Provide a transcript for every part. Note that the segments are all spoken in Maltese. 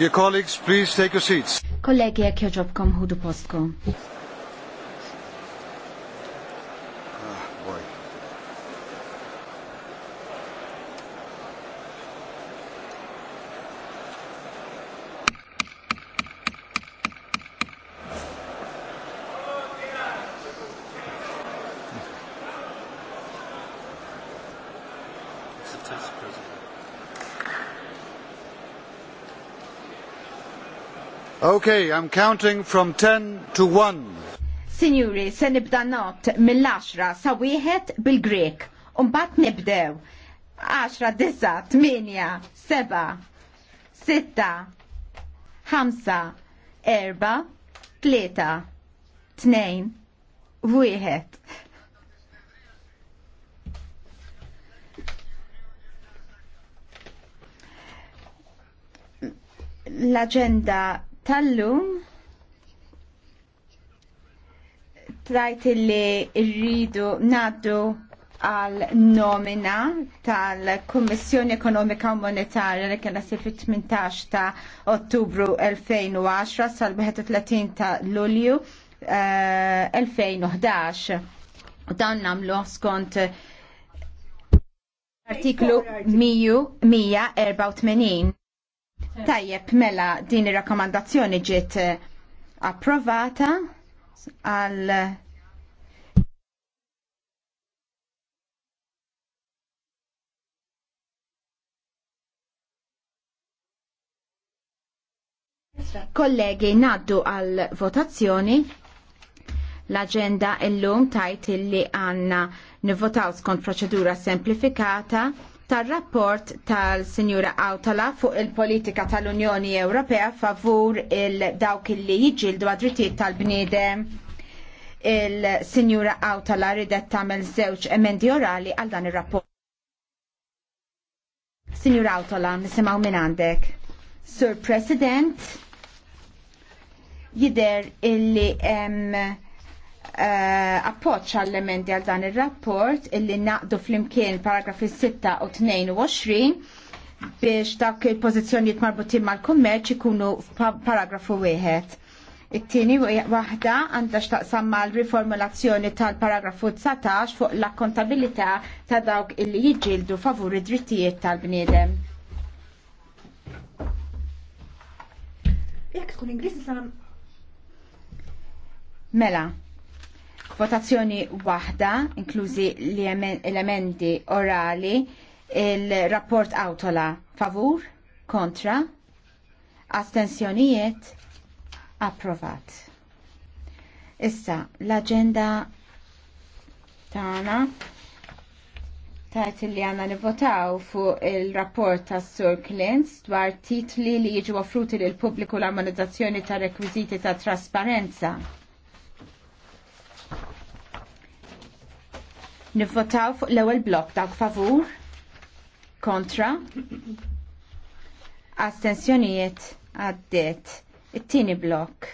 Dear colleagues, please take your seats. Kollegi, jekk joġobkom ħudu postkom. Okay, I'm counting from 10 to 1. Signori, se nibda not mill-10 sa wieħed bil-Grek. Un bat nibdew. 10, 9, 8, 7, 6, 5, 4, 3, 2, wieħed. l-agenda tal-lum trajt li rridu naddu għal nomina tal-Kommissjoni Ekonomika u Monetarja li kena sir fit-18 ta' Ottubru 2010 sal-31 ta' Lulju uh, eh, 2011. U dan namlu skont artiklu 184. Tajjeb, mela din ir-rakkomandazzjoni ġiet eh, approvata għal Kollegi, naddu għal votazzjoni. L-agenda illum tajt illi għanna nivvotaw skont proċedura semplifikata tar-rapport tal-Sinjura Awtala fuq il-politika tal-Unjoni Ewropea favur il-dawk li jiġildu għad-drittijiet tal-bniedem il-Sinjura Awtala ridet tagħmel żewġ emendi orali għal dan ir-rapport. Sinjura Awtala, nisimgħu minn għandek. Sur President, jider illi hemm Eh, appoċ għall-emendi għal dan il-rapport illi naqdu fl-imkien paragrafi 6 u 22 biex dak il-pozizjoniet marbutin mal-kummerċ ikunu paragrafu wieħed. It-tieni waħda għandha x'taqsam mal-riformulazzjoni tal-paragrafu 19 fuq l-akkontabilità ta' dawk illi jiġġieldu favur id-drittijiet tal-bniedem. Jekk tkun Ingliż Mela, votazzjoni waħda, inklużi li elementi orali, il-rapport autola favur, kontra, astensjonijiet, approvat. Issa, l-agenda tagħna tajt li għanna nivotaw fuq il-rapport ta' Sur Clint dwar titli li jiġu offruti l pubbliku l-armonizzazzjoni ta' rekwiziti ta' trasparenza. Nivvotaw fuq l-ewwel blokk dawk favur, kontra, astensjonijiet għaddiet. It-tieni blokk.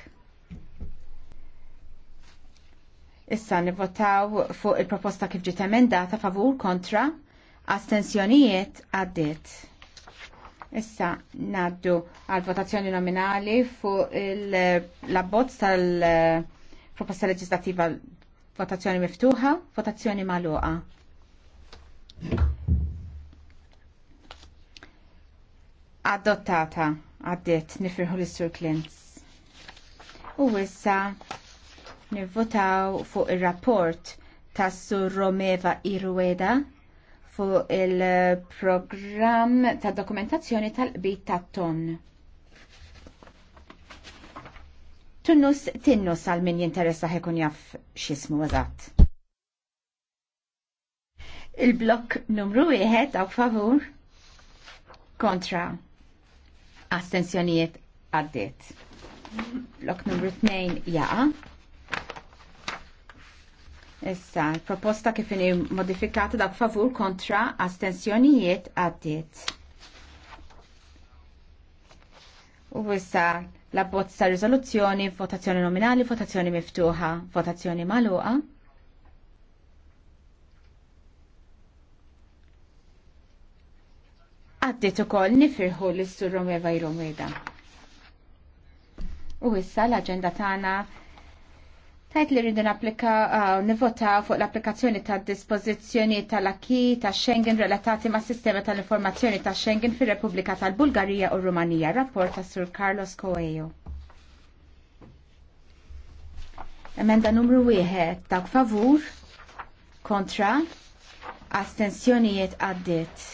Issa nivvotaw fuq il-proposta kif ġiet emendata favur kontra, astensjonijiet għaddiet. Issa naddu għal votazzjoni nominali fuq il l-abbozz tal-proposta eh, leġislativa Votazzjoni miftuħa, votazzjoni maluqa. Adottata, għaddit nifirħu l-Sur Klintz. U issa nivvotaw fuq il-rapport ta' Sur Romeva Irueda fuq il-programm ta' dokumentazzjoni tal-qbit ta' ton. tunnus tinnus għal min jinteressa ħekun jaff xismu eżatt. Il-blok numru wieħed għaw favur kontra astensjonijiet għaddit. Blok numru 2 jaqa. Issa, proposta kif ini modifikata dak favur kontra astensjonijiet għaddit. U issa L-abbozz ta' riżoluzzjoni, votazzjoni nominali, votazzjoni miftuħa, votazzjoni magħluqa. Għaddit ukoll nifirħu l-istur Romeva Romeda. U issa l-aġenda tagħna Tajt li rridin applika uh, nivota fuq l-applikazzjoni ta' dispożizzjoni tal-akki ta' Schengen relatati ma' sistema tal-informazzjoni ta' Schengen fir repubblika tal-Bulgarija u Rumanija. Rapport ta' Sur Carlos Coelho. Emenda numru 1 ta' favur kontra astensjonijiet għaddit.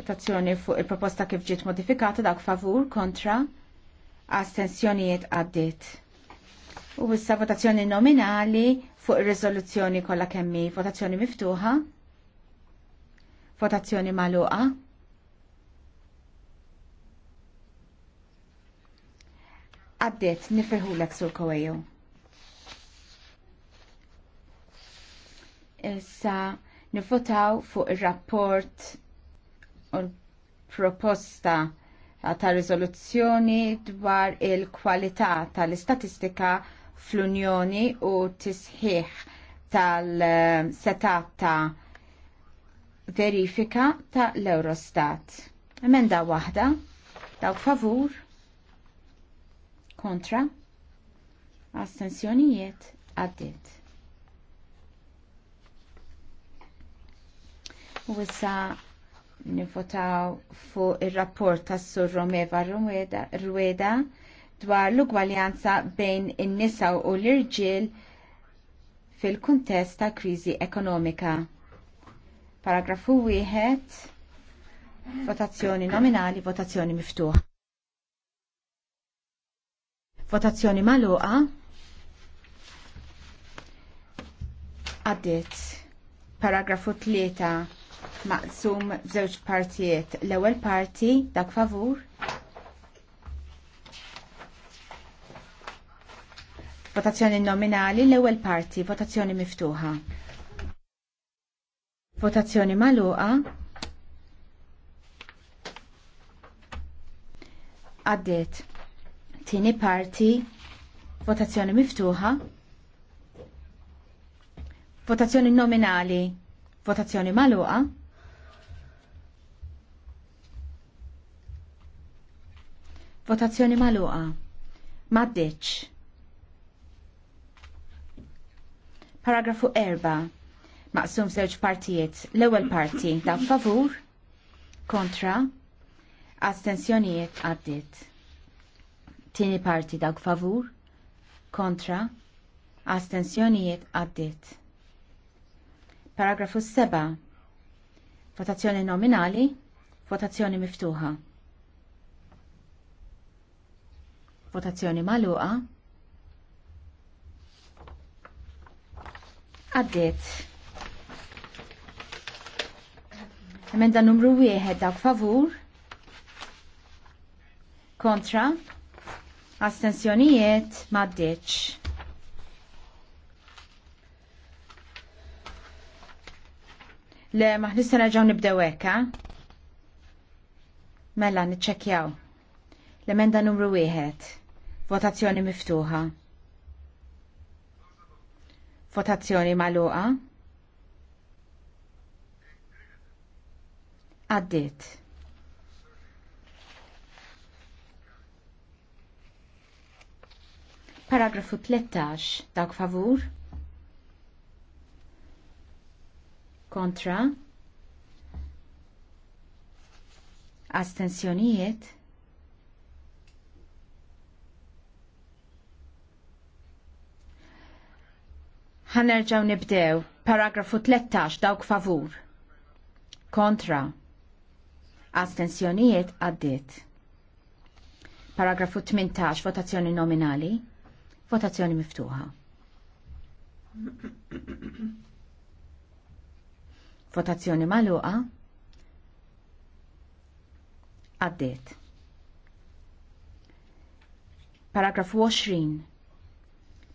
Votazzjoni fuq il-proposta kif ġiet modifikata dak favur kontra astensjonijiet għaddit. U issa votazzjoni nominali fuq ir-riżoluzzjoni kollha kemmi votazzjoni miftuħa, votazzjoni magħluqa. Għaddiet nifirħulek sur kowejju. Issa nivvotaw fuq ir-rapport u l-proposta ta' riżoluzzjoni dwar il-kwalità tal-istatistika fl-Unjoni u tisħiħ tal-setat ta' verifika ta' l-Eurostat. Emenda waħda, dawk favur, kontra, astensjonijiet għaddit. U issa nifotaw fuq il-rapport tas sur Romeva Rueda, Rueda dwar l-ugwaljanza bejn in-nisa u l-irġiel fil-kuntest ta' kriżi ekonomika. Paragrafu wieħed votazzjoni nominali, votazzjoni miftuħ. Votazzjoni maluqa għaddit paragrafu 3 maqsum żewġ partijiet. L-ewwel parti dak favur Votazzjoni nominali l-ewwel parti, votazzjoni miftuħa. Votazzjoni magħluqa. Għaddiet. Tini parti, votazzjoni miftuħa. Votazzjoni nominali, votazzjoni magħluqa. Votazzjoni magħluqa. Maddeċ. Paragrafu 4. Maqsum żewġ partijiet. L-ewwel parti ta' favur kontra astensjonijiet għaddiet. Tieni parti dawk favur kontra astensjonijiet għaddiet. Paragrafu 7. Votazzjoni nominali, votazzjoni miftuħa. Votazzjoni maluqa. Għaddit. Emenda numru 1 dak favur. Kontra. Astensjonijiet maddiċ. Le maħnissa raġaw nibdew ekka. Mela, nitċekjaw. L-emenda numru 1. Votazzjoni miftuħa. Votazzjoni maluqa. Għaddit. Paragrafu 13, dawk favur. Kontra. Astensjonijiet. Ħanerġaw nibdew. Paragrafu 13 dawk favur. Kontra. Astensjonijiet għaddit. Paragrafu 18 votazzjoni nominali. Votazzjoni miftuħa. Votazzjoni maluqa. Għaddit. Paragrafu 20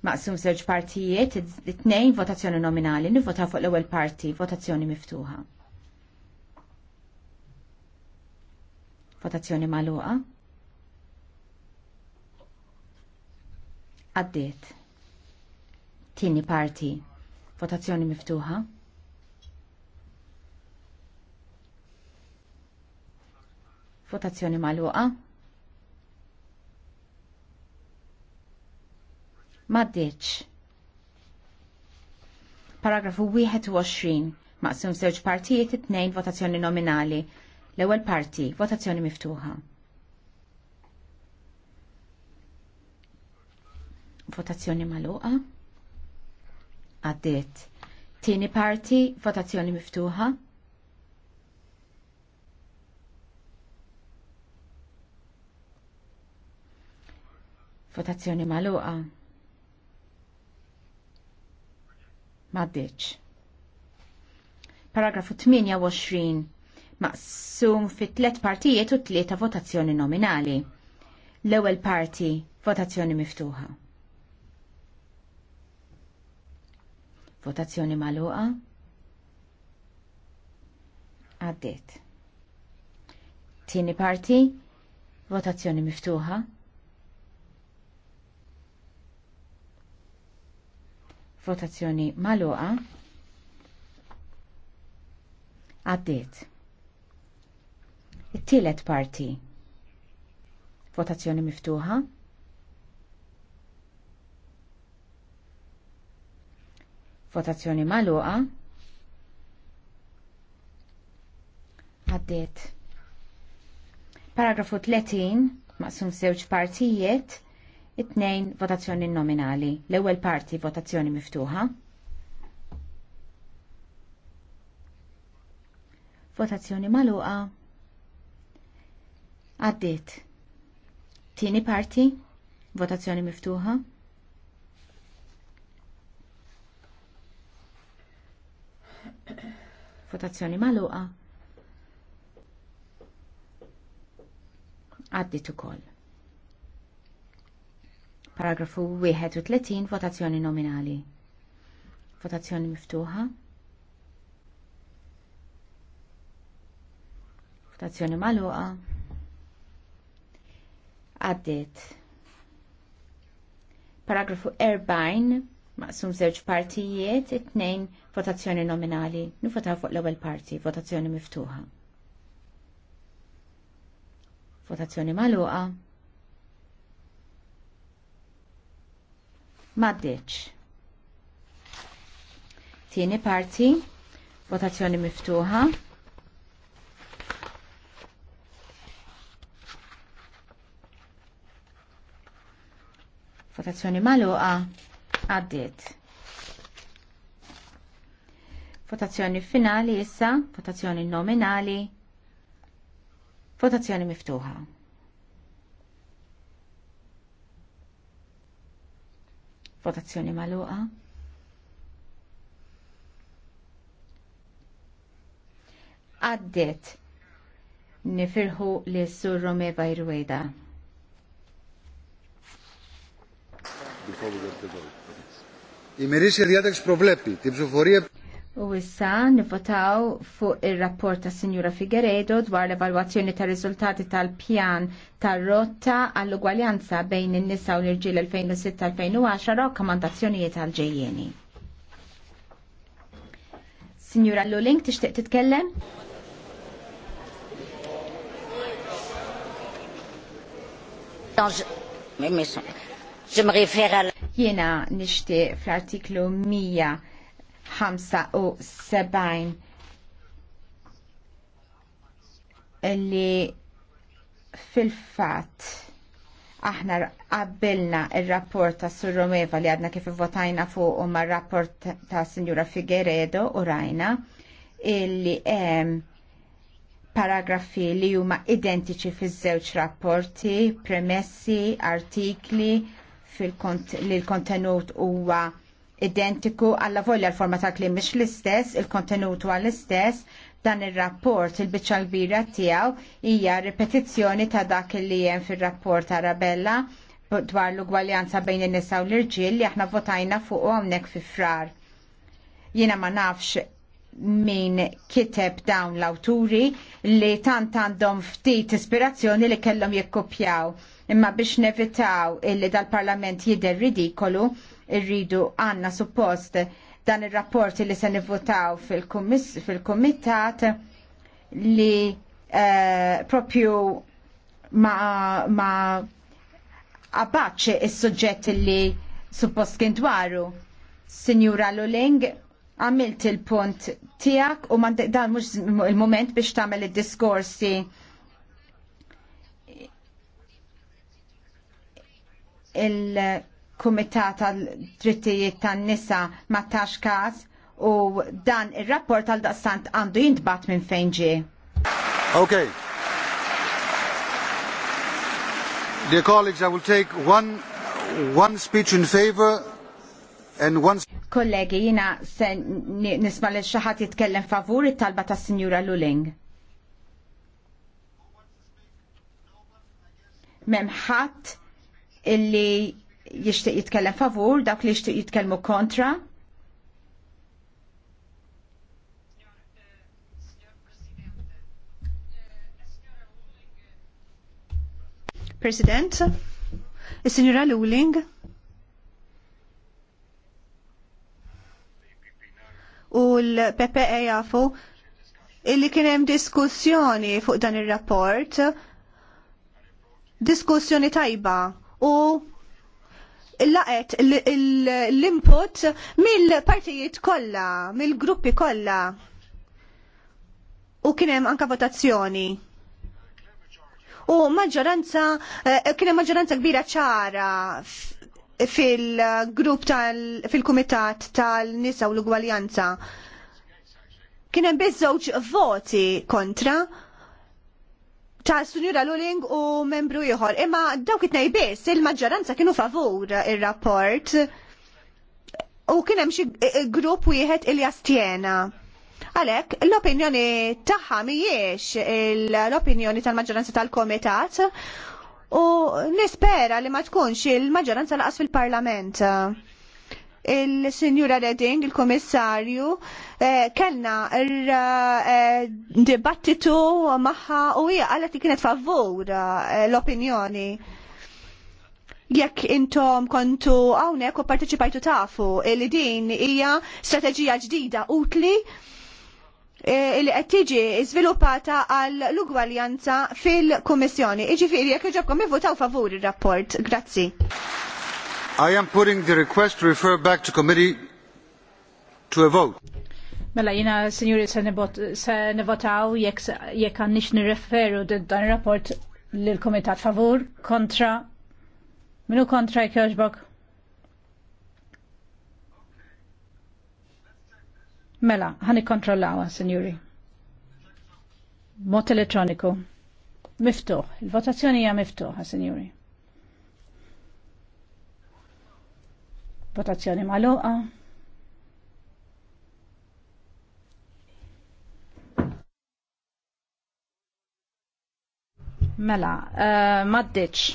maqsum żewġ partijiet, it-tnejn votazzjoni nominali, nivvota fuq l-ewwel parti, votazzjoni miftuħa. Votazzjoni magħluqa. Għaddiet. Tieni parti, votazzjoni miftuħa. Votazzjoni magħluqa. Maddiċ. Paragrafu 21. Maqsum żewġ partijiet it-tnejn votazzjoni nominali. L-ewwel parti, votazzjoni miftuħa. Votazzjoni magħluqa. Għaddiet. Tieni parti, votazzjoni miftuħa. Votazzjoni magħluqa. Maddiċ. Paragrafu 28 maqsum fit tlet partijiet u tlieta votazzjoni nominali. L-ewwel parti votazzjoni miftuħa. Votazzjoni magħluqa. Għaddiet. Tieni parti votazzjoni miftuħa. Votazzjoni maluqa. Għaddiet. It-tielet parti. Votazzjoni miftuħa. Votazzjoni maluqa. Għaddiet. Paragrafu 30 maqsum żewġ partijiet It-tnejn votazzjoni nominali. L-ewwel parti votazzjoni miftuħa. Votazzjoni maluqa. Għaddiet. Tieni parti votazzjoni miftuħa. votazzjoni maluqa għaddit ukoll. Paragrafu 31 votazzjoni nominali. Votazzjoni miftuħa. Votazzjoni maluqa. Għaddit. Paragrafu 40 maqsum żewġ partijiet, it-tnejn votazzjoni nominali. Nifotaw fuq l-ewwel parti, votazzjoni miftuħa. Votazzjoni maluqa. maddeċ. Tieni parti, votazzjoni miftuħa. Votazzjoni maluqa, għaddit. Votazzjoni finali issa, votazzjoni nominali, votazzjoni miftuħa. Votazzjoni maluqa. Għaddiet nifirħu li sur Rome Bajrweda. Η μερίσια διάταξη προβλέπει την ψηφοφορία U issa nivotaw fuq il-rapport ta' Sinjura Figueredo dwar l-evalwazzjoni ta' riżultati tal-pjan tar-rotta għall-ugwaljanza bejn in-nisa u l-irġiel 2006-2010 rakkomandazzjonijiet għal-ġejjeni. Sinjura Luling, tixtieq titkellem? Jena nixtieq fl-artiklu 100 75 li fil-fat aħna qabbilna il-rapport ta' Sur Romeva li għadna kif votajna fuq u ma' rapport ta' Signora Figueredo u Rajna illi hemm paragrafi li huma identiċi fiż-żewġ rapporti, premessi, artikli fil-kontenut huwa identiku għalla volja l-forma ta' klim mish l-istess, il-kontenutu għall-istess, dan il-rapport il-bicċa l-bira tijaw hija ripetizzjoni ta' dak li jem fil-rapport Arabella dwar l-ugwaljanza bejn in-nisa u l-irġiel li aħna votajna fuq hawnhekk fi frar. Jiena ma nafx min kiteb dawn l-awturi li tant għandhom ftit ispirazzjoni li kellhom jikkupjaw. Imma biex nevitaw illi dal-parlament jider ridikolu, irridu għanna suppost dan il-rapport li se nivvotaw fil-komitat fil li uh, propju ma, ma abbaċċi il-sujġet li suppost kien dwaru. Signora Luling, għamilt il-punt tijak u dan mux il-moment biex tamel il-diskorsi. Il-Kumitat għal drittijiet tan-Nisa ma tax kas u dan il-rapport għal daqstant għandu jintbat minn fejn ġie. Dear colleagues, I will take one, one speech in favor Once... Kollegi, jina nisma li xaħat jitkellem favur it-talba ta' Signora Luling. Memħat illi jishtiq jitkellem favur, dak li jishtiq jitkellmu kontra. President, il-Signora Luling, u l-PPE jafu illi kien hemm diskussjoni fuq dan ir-rapport, diskussjoni tajba u laqet l-input mill-partijiet kollha, mill-gruppi kollha. U kien hemm anke votazzjoni. U maġġoranza, eh, kien hemm maġġoranza kbira ċara fil-grupp tal fil-kumitat tal-nisa u l-ugwaljanza kien hemm biż żewġ voti kontra tal Sunjura Luling u membru ieħor. Imma dawk it-tnej biss il-maġġoranza kienu favur ir-rapport u kien hemm xi grupp wieħed il jastjena. Għalek, l-opinjoni tagħha mhijiex l-opinjoni tal-maġġoranza tal-komitat u nispera li ma tkunx il-maġġoranza laqas fil-parlament. Il-Sinjura Redding, il-Komissarju, eh, kellna eh, dibattitu maħħa u hija qalet li kienet favur eh, l-opinjoni. Jekk intom kontu hawnhekk u parteċipajtu tafu li din hija strateġija ġdida utli Eh, li qed tiġi żviluppata għal l-ugwaljanza fil-Kummissjoni. Jiġifieri jekk iġobkom ivvutaw favur ir-rapport. Grazzi. I am putting the request to refer back to committee to a vote. Mela jina, signori, se nivotaw jekk għannix nirreferu dan rapport l-Komitat favur kontra. Minu kontra jogħġbok? Mela, ħani kontrollawa, signori. Mot elettroniku. Miftuħ. Il-votazzjoni hija miftuħa, signori. Votazzjoni maluqa. Mela, uh, eh, maddiċ.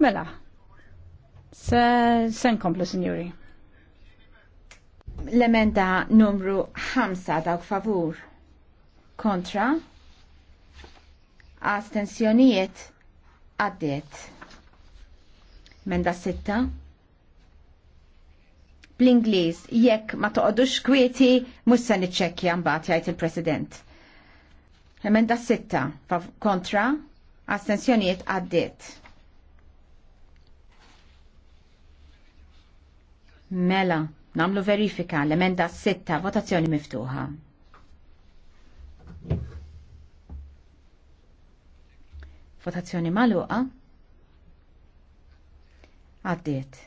Mela, se nkomplu, signori. L-emenda numru 5 dawk favur kontra astensjonijiet għaddiet. Menda 6 bl-Ingliż jekk ma toqgħodux kwieti mhux se niċċekkja mbagħad jgħid il-President. Emenda 6 kontra astensjonijiet għaddiet. Mela, namlu verifika l-emenda 6, votazzjoni miftuħa. Votazzjoni maluqa. Għaddiet.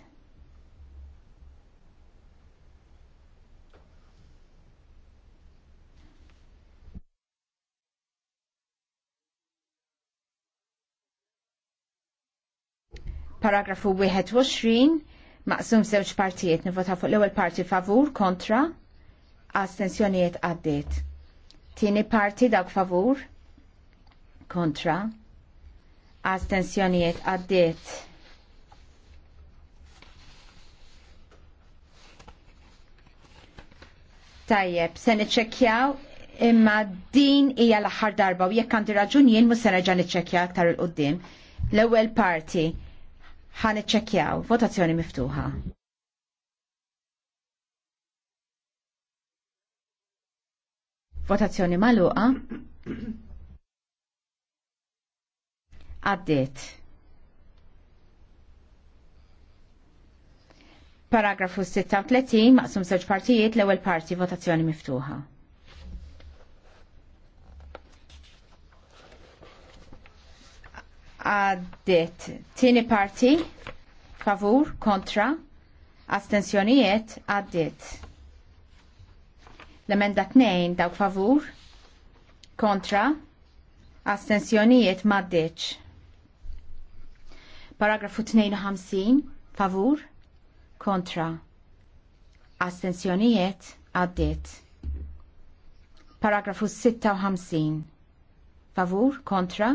paragrafu 21 maqsum żewġ partijiet nivota fuq l-ewwel parti favur kontra astensjonijiet għaddiet. Tieni parti dawk favur kontra astensjonijiet għaddiet. Tajjeb, se niċċekkjaw imma din hija l-aħħar darba u jekk għandi raġun jien mhux se nerġa' niċċekkja aktar il-qudiem. L-ewwel parti ħan iċċekjaw votazzjoni miftuħa. Votazzjoni maluqa. Għaddiet. Paragrafu 36 maqsum żewġ partijiet l-ewwel parti votazzjoni miftuħa. għaddit. Tini parti, favur, kontra, astensjonijiet, għaddit. L-emenda t-nejn dawk favur, kontra, astensjonijiet maddiċ. Paragrafu 52, favur, kontra, astensjonijiet, għaddit. Paragrafu 56, favur, kontra,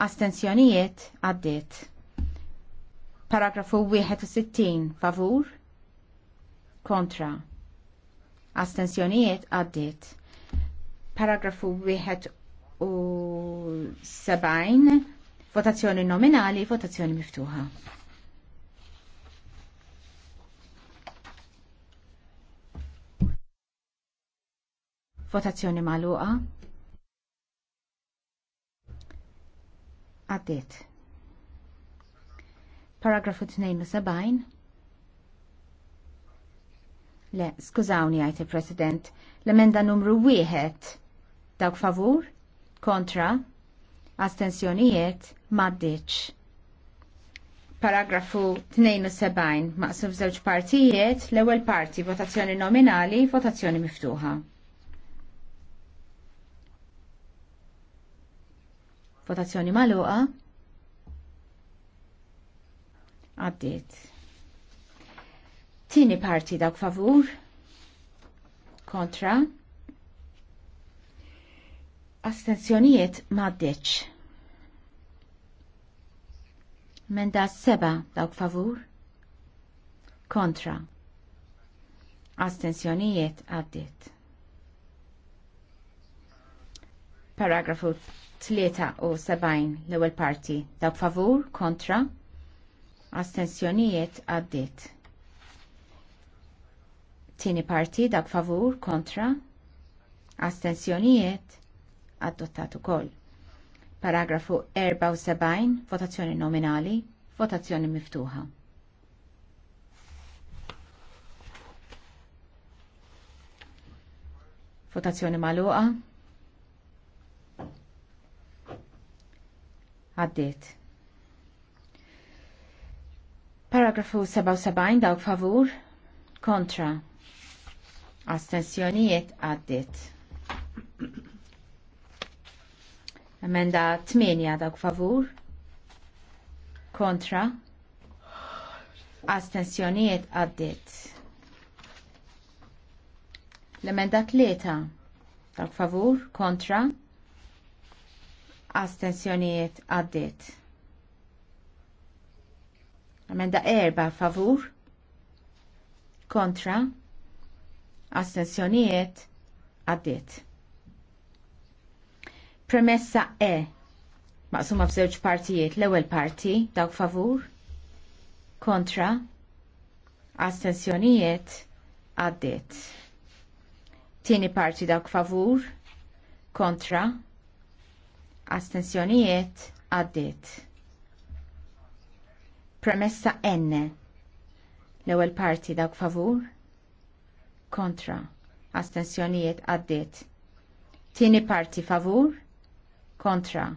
astensjonijiet għaddiet. Paragrafu 61 favur kontra astensjonijiet għaddiet. Paragrafu 71 votazzjoni nominali, votazzjoni miftuħa. Votazzjoni maluqa. għaddiet. Paragrafu 72. Le, skużawni għajt il-President, l-emenda numru 1 dawk favur, kontra, astensjonijiet, maddiċ. Paragrafu 72 maqsum żewġ partijiet, l-ewwel parti votazzjoni nominali, votazzjoni miftuħa. Votazzjoni maluqa. għaddit Tini parti dawk favur. Kontra. Astenzjonijiet maddeċ. Menda seba dawk favur. Kontra. Astenzjonijiet għaddiet. paragrafu 73 l-ewwel parti dawk favur kontra astensjonijiet għaddiet. Tieni parti dak favur kontra astensjonijiet adottat ukoll. Paragrafu 74 votazzjoni nominali, votazzjoni miftuħa. Votazzjoni maluqa. Għaddiet. Paragrafu 77 dawk favur kontra astensjonijiet għaddiet. Emenda 8 dawk favur kontra astensjonijiet għaddiet. L-emenda 3 dawk favur kontra astensjonijiet għaddit. Amenda erba favur kontra astensjonijiet għaddit. Premessa E maqsuma f'żewġ partijiet l-ewwel parti dawk favur kontra astensjonijiet għaddit. Tieni parti dawk favur kontra astensjonijiet għaddit. Premessa N. L-ewwel parti dawk favur kontra astensjonijiet għaddit. Tieni parti favur kontra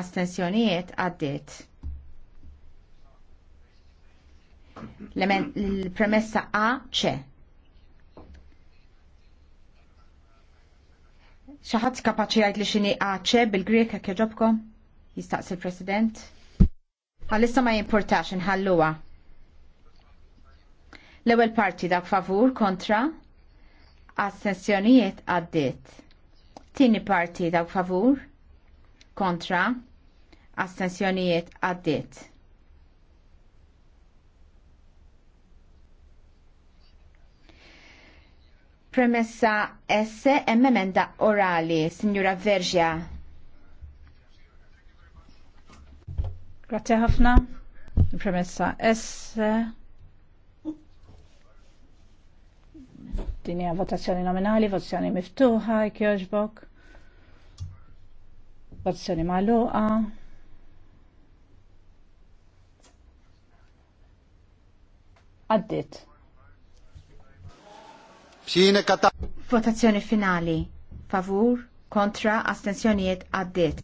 astensjonijiet għaddit. L-premessa A ċe ħadd kapaċi għajt li xini għacċe bil-Grek għak jogħġobkom? Jistaqsi l-President. Għalissa ma jimportax inħalluha. L-ewwel parti dak favur kontra assenzjonijiet għaddiet. Tieni parti dak favur kontra assenzjonijiet għaddit. Premessa S, emmenda orali, signora Vergia. Grazie ħafna. Premessa S. Dinja votazzjoni nominali, votazzjoni miftuħa, kjoġbok. Votazzjoni magħluqa. Għaddit. Votazzjoni finali. Favur, kontra, astensjonijiet għaddit.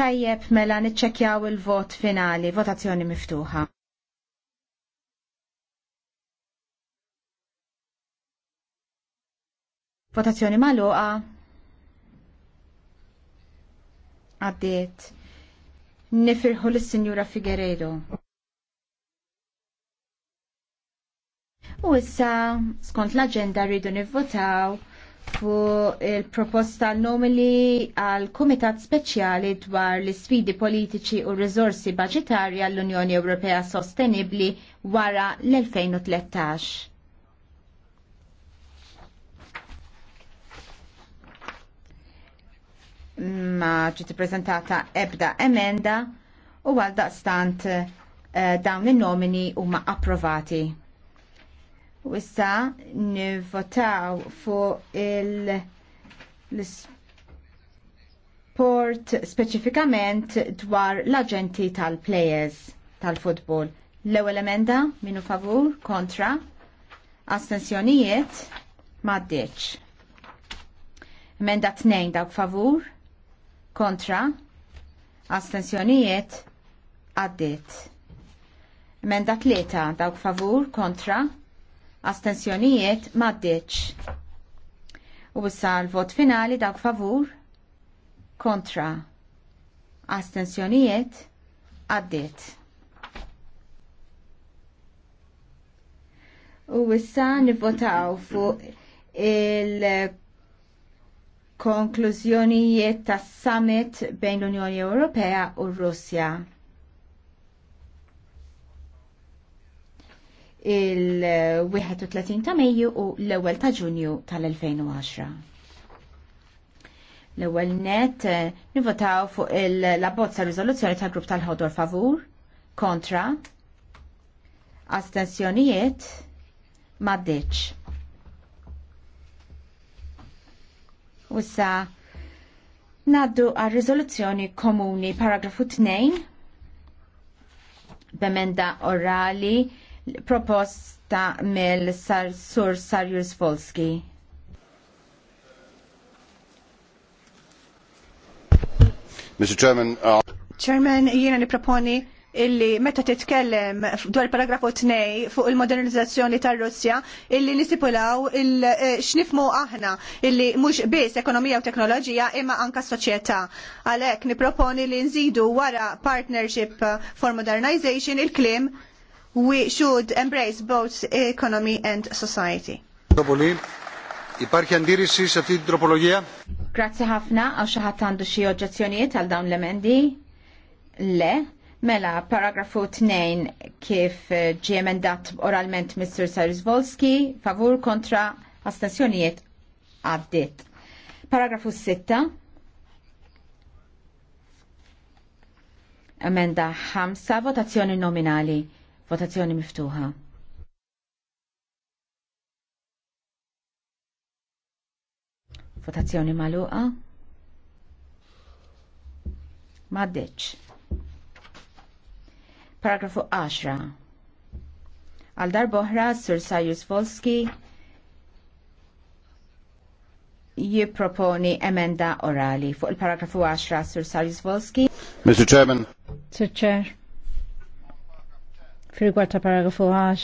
Tajjeb mela niċċekjaw il-vot finali, votazzjoni miftuħa. Votazzjoni maluqa. Għaddiet. Nifirħu l-Sinjura Figueredo. U issa, skont l-agenda rridu nivvotaw fu il-proposta nomili għal Kumitat Speċjali dwar l isfidi politiċi u Rizorsi Baġitarja għall l-Unjoni Ewropea Sostenibli wara l-2013. ma ġiet prezentata ebda emenda u għal daqstant eh, dawn in-nomini huma approvati. U issa nivvotaw fuq il-sport speċifikament dwar l-aġenti tal-players tal-futbol. L-ewwel emenda minu favur, kontra, astensjonijiet, maddiċ. Emenda tnejn dawk favur, kontra, astensjonijiet, għaddit. Emenda tlieta dawk favur, kontra, astensjonijiet maddiċ. U issa l-vot finali dak favur kontra astensjonijiet għaddiet. U issa nivvotaw fuq il-konklużjonijiet tas summit bejn l-Unjoni Ewropea u r Russja. il-31 ta' Mejju u l-ewwel ta' Ġunju tal-2010. L-ewwel net eh, nivotaw fuq il-labbozza riżoluzzjoni tal-grupp tal-ħodor favur, kontra, astensjonijiet, maddiċ. Wissa naddu għal riżoluzzjoni komuni paragrafu 2 b'emenda orali proposta mill sar sur Sarjus Volski. Mr. Chairman, uh... Chairman, jiena niproponi illi meta titkellem dwar paragrafu 2 fuq il-modernizzazzjoni tar-Russja illi nisipulaw il eh, x'nifmu aħna illi mhux biss ekonomija u teknoloġija imma anka soċjetà. Għalhekk niproponi li nżidu wara partnership for modernization il-klim we should embrace both economy and society. Υπάρχει αντίρρηση σε αυτή την τροπολογία. Grazie ħafna, għaw xaħat għandu xie oġġezzjonijiet għal dawn l-emendi. Le, mela, paragrafu 2 kif ġie emendat oralment Mr. Cyrus Volski, favur kontra astensjonijiet għaddit. Paragrafu 6. Emenda 5, votazzjoni nominali. Votazzjoni miftuħa. Votazzjoni maluqa. Maddeċ. Paragrafu 10. Għal darboħra Sir Sajus Volski Jiproponi emenda orali fuq il-paragrafu 10 Sir Sajus Volski. Mr. Chairman. Sir Chair. Frigwar ta' paragrafu 10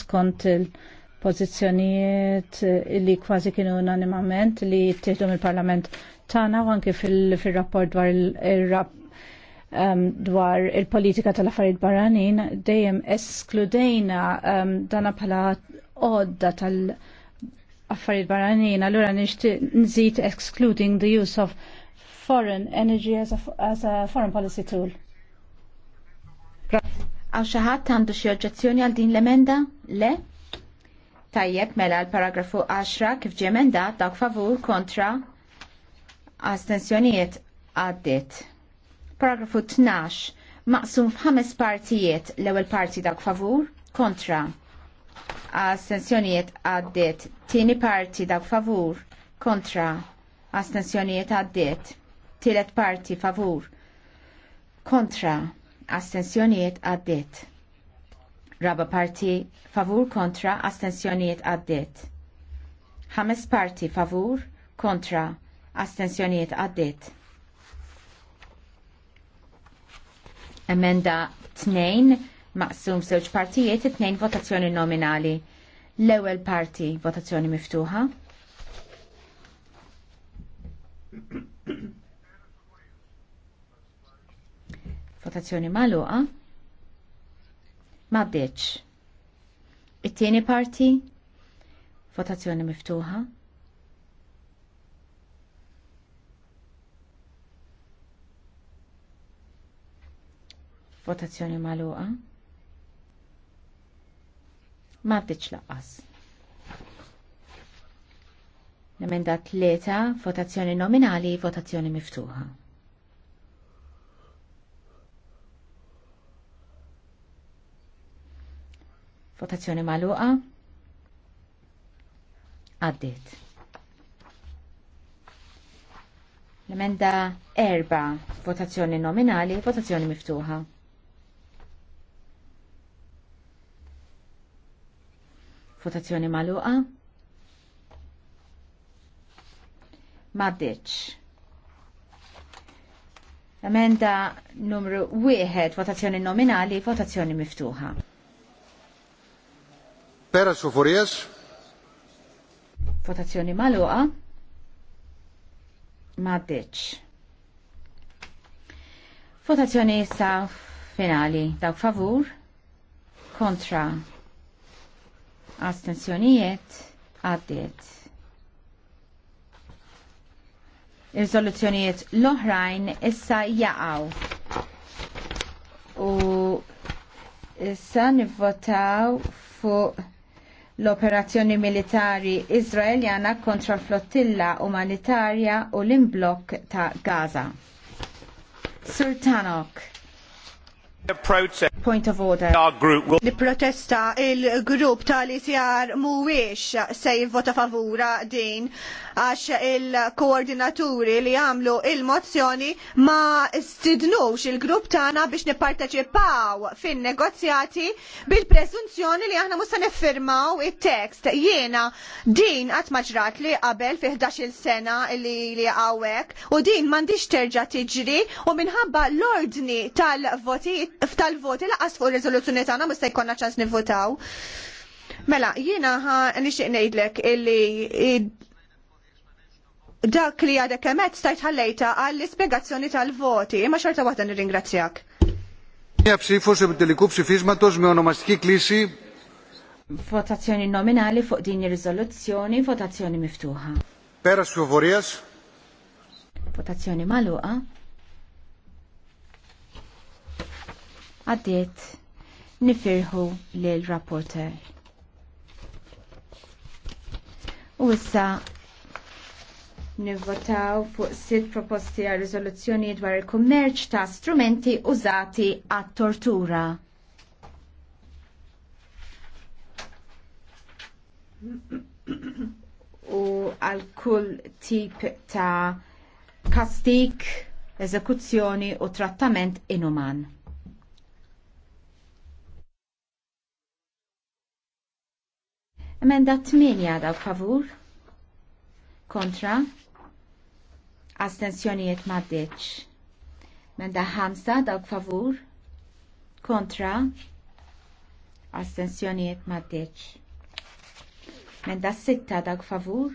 skont il-pożizzjonijiet li kważi kienu unanimament li jittieħdu mill-Parlament tagħna u anke fil-rapport dwar il rap um, dwar il-politika tal-affarijiet barranin dejjem eskludejna um, dana bħala għodda tal- affarijiet barranin, allura nixtieq nżid excluding the use of foreign energy as a, as a foreign policy tool. Għaw xaħat għandu xie oġġezzjoni għal din l-emenda? Le? Tajjeb mela l-paragrafu 10 kif ġie emenda dawk favur kontra astensjonijiet għaddit. Paragrafu 12 maqsum f'ħames partijiet l-ewwel parti dak favur kontra astensjonijiet għaddit. tieni parti dak favur kontra astensjonijiet għaddit. tielet parti favur kontra astensjonijiet għaddit. Raba parti favur kontra astensjonijiet għaddit. Ħames parti favur kontra astensjonijiet għaddit. Emenda 2 maqsum żewġ partijiet it-tnejn votazzjoni nominali. L-ewwel parti votazzjoni miftuħa. Votazzjoni maluqa. Maddeċ. It-tieni parti. Votazzjoni miftuħa. Votazzjoni maluqa. Maddeċ laqqas. L-emenda tleta, votazzjoni nominali, votazzjoni miftuħa. Votazzjoni maluqa. Għaddit. L-emenda erba' votazzjoni nominali, votazzjoni miftuħa. Votazzjoni maluqa. Maddiċ. Emenda numru 1, votazzjoni nominali, votazzjoni miftuħa. Pera Sufurijas. Votazzjoni maluqa. Ma deċ. Votazzjoni issa finali. Dawk favur. Kontra. Astenzjonijiet. Għaddiet. Ir-riżoluzzjonijiet l-oħrajn issa jaqaw. U issa nivvotaw fuq l-operazzjoni militari Izraeljana kontra flottilla umanitarja u l-imblok ta' Gaza. Sultanok. Point of order. Li protesta il-grupp tal-ICR muwiex se jivvota favura din għax il-koordinaturi li għamlu il-mozzjoni ma stidnux il-grupp tana biex nipparteċipaw fin negozjati bil prezunzjoni li aħna musa nifirmaw il-tekst. Jena din għatmaġrat li qabel fi 11 sena li li għawek u din mandiċ terġa tiġri u minħabba l-ordni tal-votijiet ftal-voti laqas fuq ir-riżoluzzjoni tagħna ma se jkollna ċans nivvotaw. Mela, jiena nixtieq ngħidlek illi dak li għadek kemet stajt ħallejta għall-ispiegazzjoni tal-voti, imma xorta waħda nirringrazzjak. Μια ψήφος επί τελικού ψηφίσματος με ονομαστική klisi. Votazzjoni nominali fuq din ir-riżoluzzjoni, votazzjoni miftuħa. Pera ψηφοφορίας. Votazzjoni maluqa. għaddiet nifirħu lil rapporter U issa nivvotaw fuq sitt proposti għal riżoluzzjoni dwar il-kummerċ ta' strumenti użati għat tortura. U għal kull tip ta' kastik, eżekuzzjoni u trattament inuman. Emenda 8 dawk favur. Kontra. Astensjonijiet maddeċ. Emenda 5 dawk favur. Kontra. Astensjonijiet maddeċ. Emenda 6 dawk favur.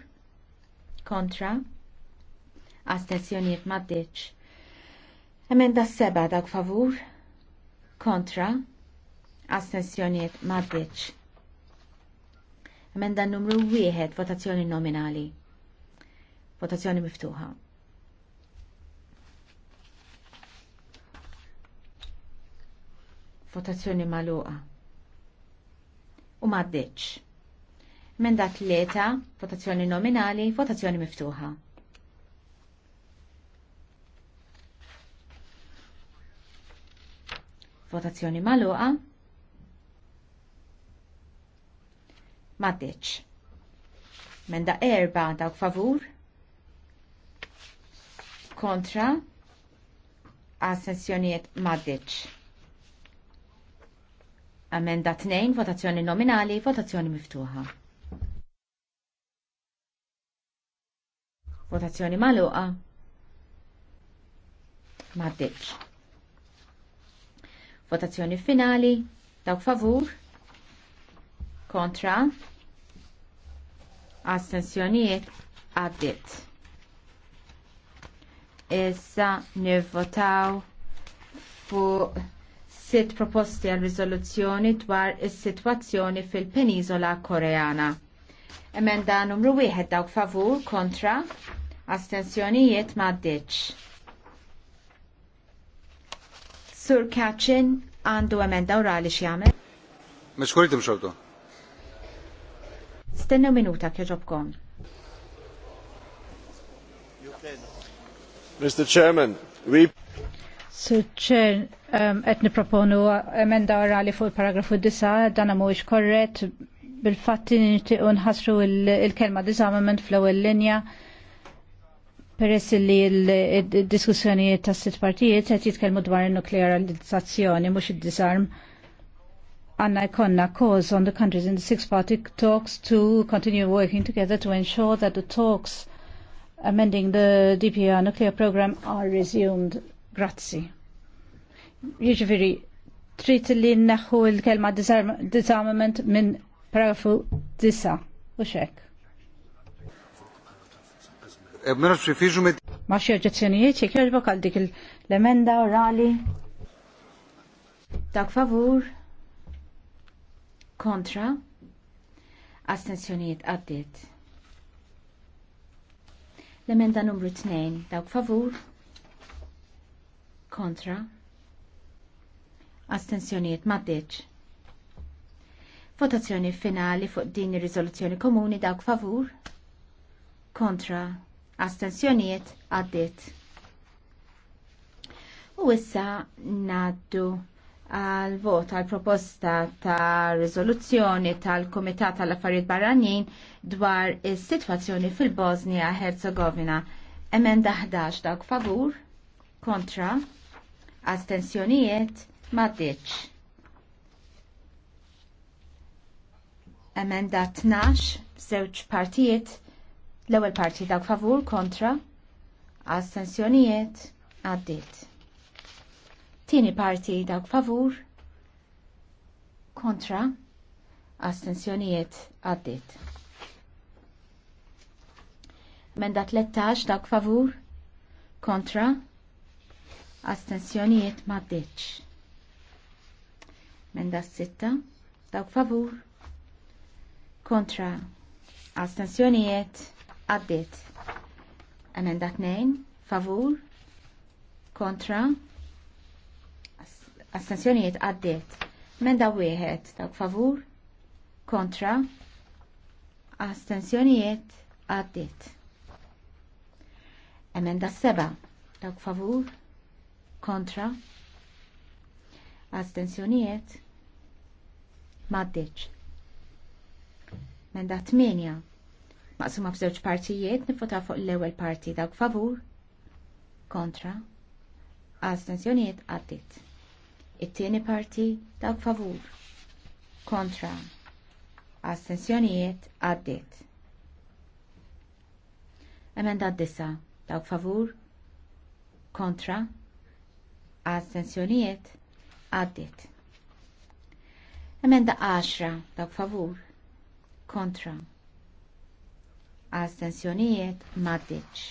Kontra. Astensjonijiet maddeċ. Emenda 7 dawk favur. Kontra. Astensjonijiet maddeċ dan numru wieħed votazzjoni nominali. Votazzjoni miftuħa. Votazzjoni maluqa. U maddeċ. Emenda 3, votazzjoni nominali, votazzjoni miftuħa. Votazzjoni maluqa. maddeċ. Menda erba dawk favur kontra assenzjoniet maddeċ. Amenda tnejn, votazzjoni nominali, votazzjoni miftuħa. Votazzjoni maluqa. Maddeċ. Votazzjoni finali, dawk favur kontra astensjonijiet għaddit. Issa nivvotaw fuq sitt proposti għal riżoluzzjoni dwar is-sitwazzjoni fil-Peniżola Koreana. Emenda numru wieħed dawk favur kontra astensjonijiet m'għaddiċ. Sur Kaċin għandu emenda orali x'jamel? Mexkuritim xortu. Istennew minuta kjoġobkom. Mr. Chairman, we... Sir Chair, um, etni proponu emenda orali fuq il-paragrafu 9, dan mhuwiex korrett bil-fatti niti nħassru il-kelma disarmament fl-ewwel linja peress li l-diskussjonijiet tas sit partijiet qed jitkellmu dwar in-nuklearizzazzjoni mhux id-disarm. Anna jkonna calls on the countries in the six-party talks to continue working together to ensure that the talks amending the DPR nuclear program are resumed. Grazie. Jiġifieri, trid li neħu l-kelma disarmament minn paragrafu disa' u xek. Ma xi oġġezzjonijiet jekk jogħġbok għal dik l-emenda orali. Dak favur kontra astensjonijiet għaddiet. L-emenda numru 2 dawk favur kontra astensjonijiet maddiet. Votazzjoni finali fuq din ir-riżoluzzjoni komuni dawk favur kontra astensjonijiet għaddiet. U issa naddu għal vot għal proposta ta' rizoluzzjoni tal-Komitat tal-Affarijiet Barranin dwar is-sitwazzjoni fil-Bosnia Herzegovina. Emenda 11 dawk favur, kontra, astensjonijiet, maddiċ. Emenda 12, żewġ partijiet, l-ewwel parti dawk favur, kontra, astensjonijiet, għaddiet Tieni parti dawk favur kontra astensjonijiet għaddit. Menda 13 dawk favur kontra astensjonijiet maddiċ. Menda 6 dawk favur kontra astensjonijiet għaddit. Emenda 2 favur kontra astensjonijiet għaddiet. Menda wieħed dawk favur kontra astensjonijiet għaddiet. Emenda seba dawk favur kontra astensjonijiet maddiċ. Menda 8 maqsuma f'żewġ partijiet nifota fuq l-ewwel parti dawk favur kontra astensjonijiet għaddiet. It-tieni parti dawk favur kontra astensjonijiet għaddiet. Emenda d-disa dawk favur kontra astensjonijiet għaddiet. Emenda 10 dawk favur kontra astensjonijiet maddiċ.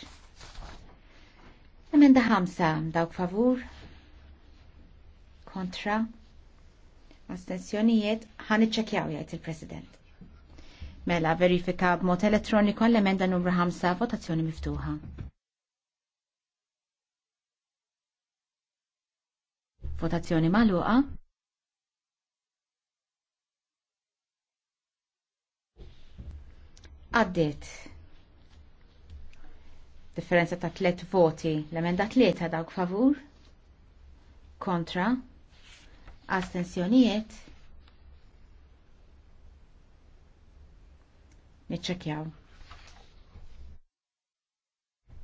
Emenda 5 dawk favur kontra astensjonijiet ħan iċċekjaw jgħid il-President. Mela verifika b'mod elettroniku l-emenda numru 5 votazzjoni miftuħa. Votazzjoni magħluqa. Għaddiet. Differenza ta' tliet voti. L-emenda tlieta dawk favur? Kontra? astensjonijiet niċċekjaw.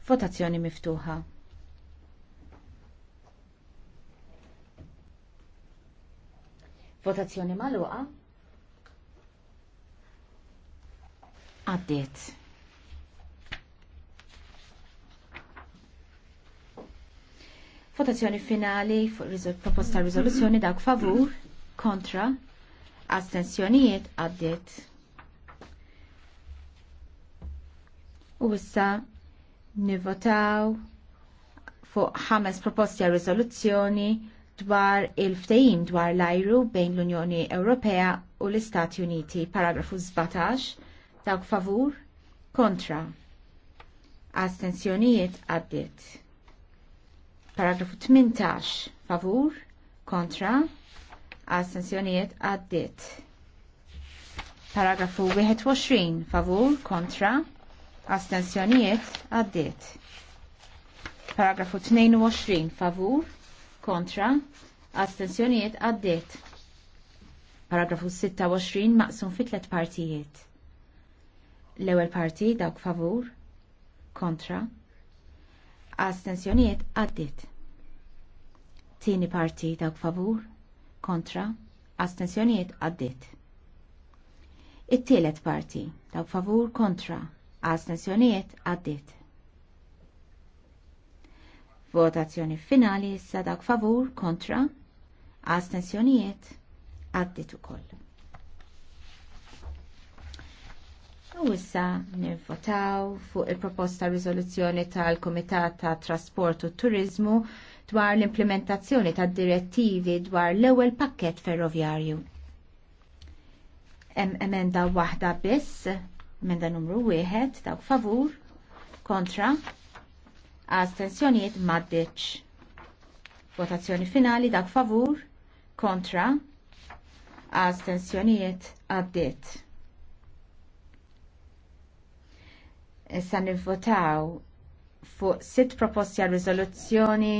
Votazzjoni miftuħa. Votazzjoni maluqa. Għaddiet. Votazzjoni finali fuq proposta riżoluzzjoni dak favur, kontra, astensjonijiet għaddiet. U issa nivvotaw fuq ħames proposti għal riżoluzzjoni dwar il-ftehim dwar l-ajru bejn l-Unjoni Ewropea u l-Istati Uniti, paragrafu 17, dawk favur, kontra, astensjonijiet għaddiet. Paragrafu 18 favur kontra astensjonijiet għaddit. Paragrafu 21 favur kontra astensjonijiet għaddit. Paragrafu 22 favur kontra astensjonijiet għaddit. Paragrafu 26 maqsum fit tlet partijiet. L-ewwel parti dawk favur kontra astensjonijiet għaddit. Tieni parti dawk favur kontra astensjonijiet għaddit. It-tielet parti dawk favur kontra astensjonijiet għaddit. Votazzjoni finali issa dawk favur kontra astensjonijiet għaddit ukoll. U issa nivvotaw fuq il-proposta riżoluzzjoni tal-Kumitat ta' Trasport u Turizmu dwar l-implementazzjoni tad direttivi dwar l-ewwel pakkett ferroviarju. Hemm emenda waħda biss, emenda numru wieħed dawk favur, kontra, astensjonijiet maddiċ. Votazzjoni finali dawk favur, kontra, astensjonijiet għaddiet. Issa nivvotaw fuq sitt proposti għal riżoluzzjoni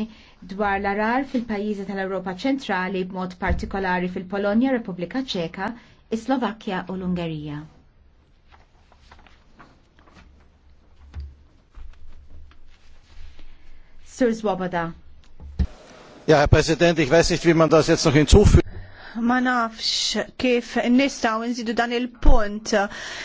dwar l-arar fil-pajjiżi tal-Ewropa ċentrali b'mod partikolari fil-Polonja, Repubblika Ċeka, Slovakkja u l-Ungerija. Sur Swoboda. Ja, Herr Präsident, ich weiß nicht, wie man das jetzt noch hinzufügt ma nafx kif nistaw nżidu dan il-punt.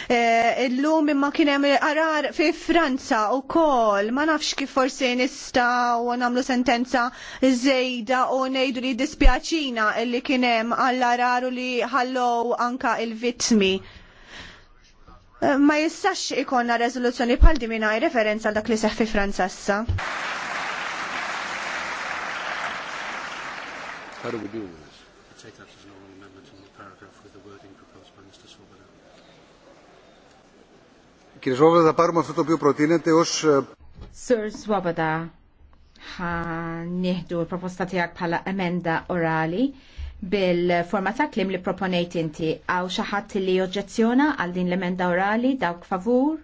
E, illum imma kien hemm arar fi Franza wkoll, ma nafx kif forsi nistaw nagħmlu sentenza żejda u ngħidu li dispjaċina li kien hemm għall-arar u li ħallow anka il-vittmi. E, ma jistax ikonna rezoluzzjoni bħal di mingħajr referenza dak li seħħ fi Franza How do we do Κύριε Σόβατα, θα πάρουμε αυτό το οποίο προτείνεται Sir Swaboda, ħa nieħdu l-proposta tiegħek bħala emenda orali bil-forma ta' klim li proponejt inti għaw xaħat li oġġezzjona għal din l-emenda orali dawk favur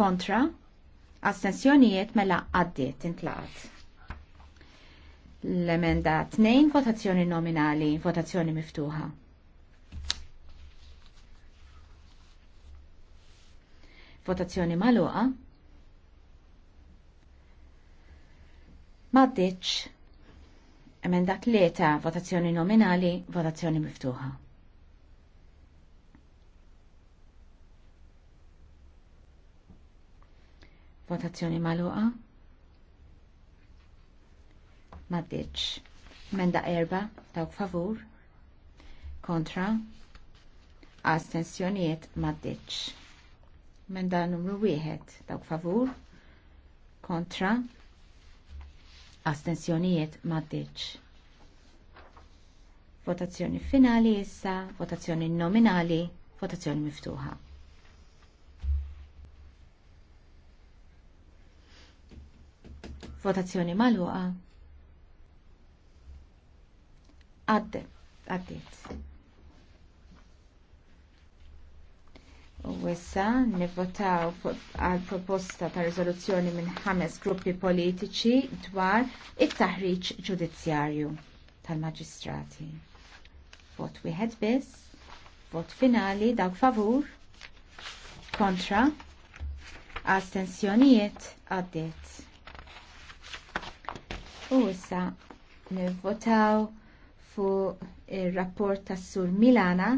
kontra astensjonijiet mela għaddiet intlaqat. L-emenda 2 votazzjoni nominali, votazzjoni miftuħa. Votazzjoni maluqa. Maddiċ. Emenda tlieta, votazzjoni nominali, votazzjoni miftuħa. Votazzjoni maluqa. Maddiċ. Emenda erba, dawk favur. Kontra. Astensjonijiet maddiċ. Menda numru wieħed dawk favur kontra astensjonijiet maddiċ. Votazzjoni finali issa, votazzjoni nominali, votazzjoni miftuħa. Votazzjoni maluqa. Għadde, għaddit. U issa nivvotaw għal proposta ta' riżoluzzjoni minn ħames gruppi politiċi dwar it-taħriġ ġudizzjarju tal-maġistrati. Vot wieħed biss, vot finali dawk favur, kontra, astensjonijiet għaddiet. U issa nivvotaw fuq ir rapport tas Sur Milana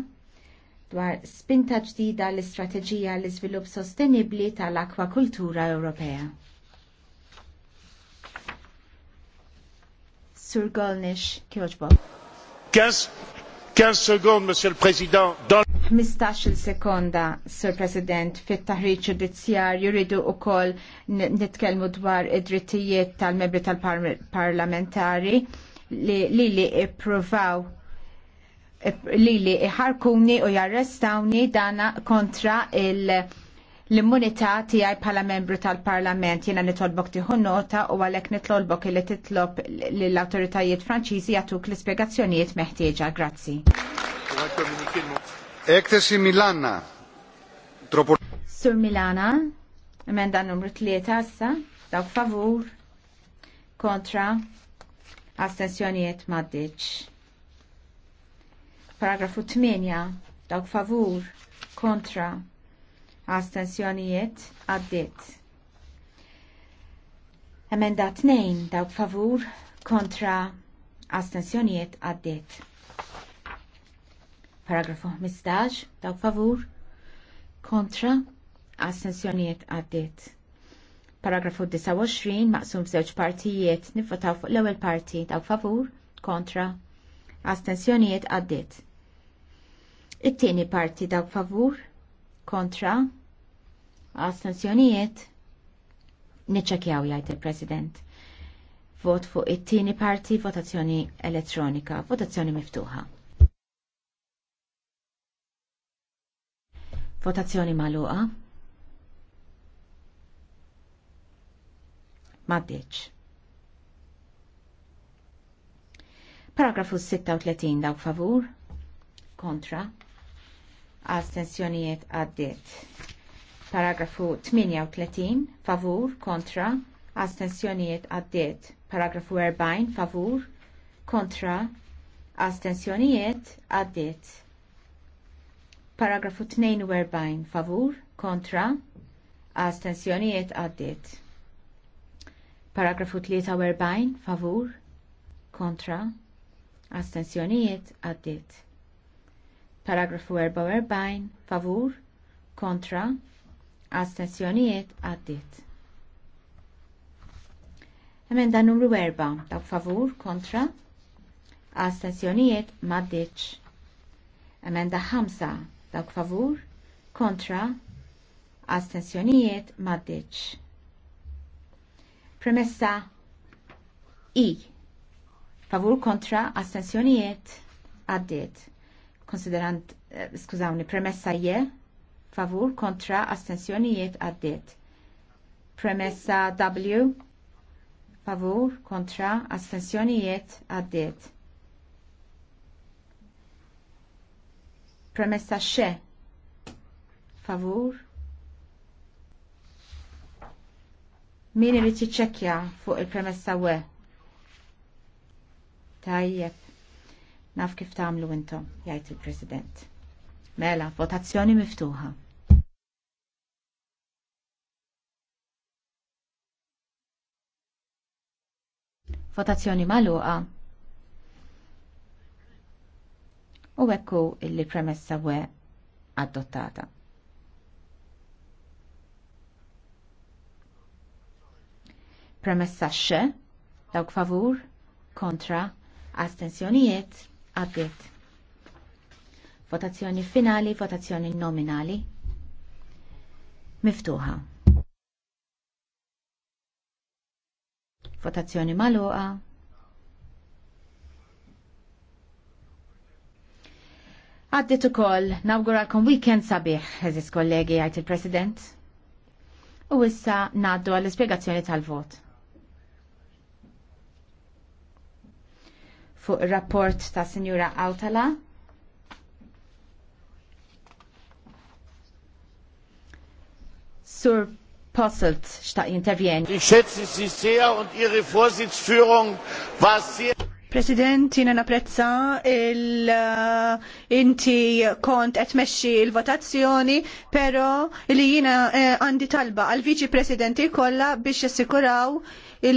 dwar spinta ġdida l-istrateġija l iżvilupp sostenibli tal-akwakultura Ewropea. Sur Golnish Kjoġbo. Kens sekund, Monsieur le Président. Dans... 15 sekonda, Sir President, fit taħriġ ġudizzjar juridu u koll nitkelmu dwar id-drittijiet tal-membri tal-parlamentari li li, li provaw li li iħarkuni u jarrestawni dana kontra il- l-immunità tiegħi bħala membru tal-Parlament jiena nitolbok tieħu nota u għalhekk nitlolbok li titlob lill-awtoritajiet Franċiżi jagħtuk l-ispjegazzjonijiet meħtieġa. Grazzi. Ektesi Milana. Sur Milana, emenda numru tliet issa, daw favur, kontra, astensjonijiet maddiċ. Paragrafu 8. Dawk favur kontra astensjonijiet għaddit. Emenda 2. Dawk favur kontra astensjonijiet għaddit. Paragrafu 15. Dawk favur kontra astensjonijiet għaddit. Paragrafu 29 maqsum f'żewġ partijiet nifvotaw fuq l-ewwel parti dawk favur kontra astensjonijiet għaddit It-tieni parti dawk favur, kontra, astensjonijiet, niċċakjaw jgħid il-President. Vot fuq it-tieni parti, votazzjoni elettronika, votazzjoni miftuħa. Votazzjoni maluqa. Maddiċ. Paragrafu 36 dawk favur, kontra, astensjonijiet għaddiet. Paragrafu 38 favur kontra astensjonijiet għaddiet. Paragrafu 40 favur kontra astensjonijiet għaddiet. Paragrafu 42 favur kontra astensjonijiet għaddiet. Paragrafu 43 favur kontra astensjonijiet għaddiet. Paragrafu 44, favur, kontra, astensjonijiet għaddit. Emenda numru 4, dak favur, kontra, astensjonijiet maddiċ. Emenda 5, dak favur, kontra, astensjonijiet maddiċ. Premessa I. Favur kontra astensjonijiet għaddiet konsiderant, eh, skużawni, premessa je, favur kontra astensjonijiet għaddit. Premessa W, favur kontra astensjonijiet għaddit. Premessa xe, favur. Min irid jiċċekkja fuq il-premessa we? Tajjeb. Naf kif tagħmlu intom, jgħid il-President. Mela, votazzjoni miftuħa. Votazzjoni magħluqa. U hekk hu premessa we adottata. premessa xe, dawk favur, kontra, astensjonijiet, għaddiet. Votazzjoni finali, votazzjoni nominali. Miftuħa. Votazzjoni maluqa. Għaddit ukoll nawguralkom weekend sabiħ, eżis kollegi għajt il-President. U issa naddu għall-ispiegazzjoni tal-vot. fuq rapport ta' Sinjura Awtala. Sur Posselt xtaq intervjeni. Ich schätze Sie sehr und Ihre Vorsitzführung war sehr... President, jina naprezza il uh, inti kont etmexxi il-votazzjoni, pero li jina eh, għandi talba għal-Viċi Presidenti kollha biex jassikuraw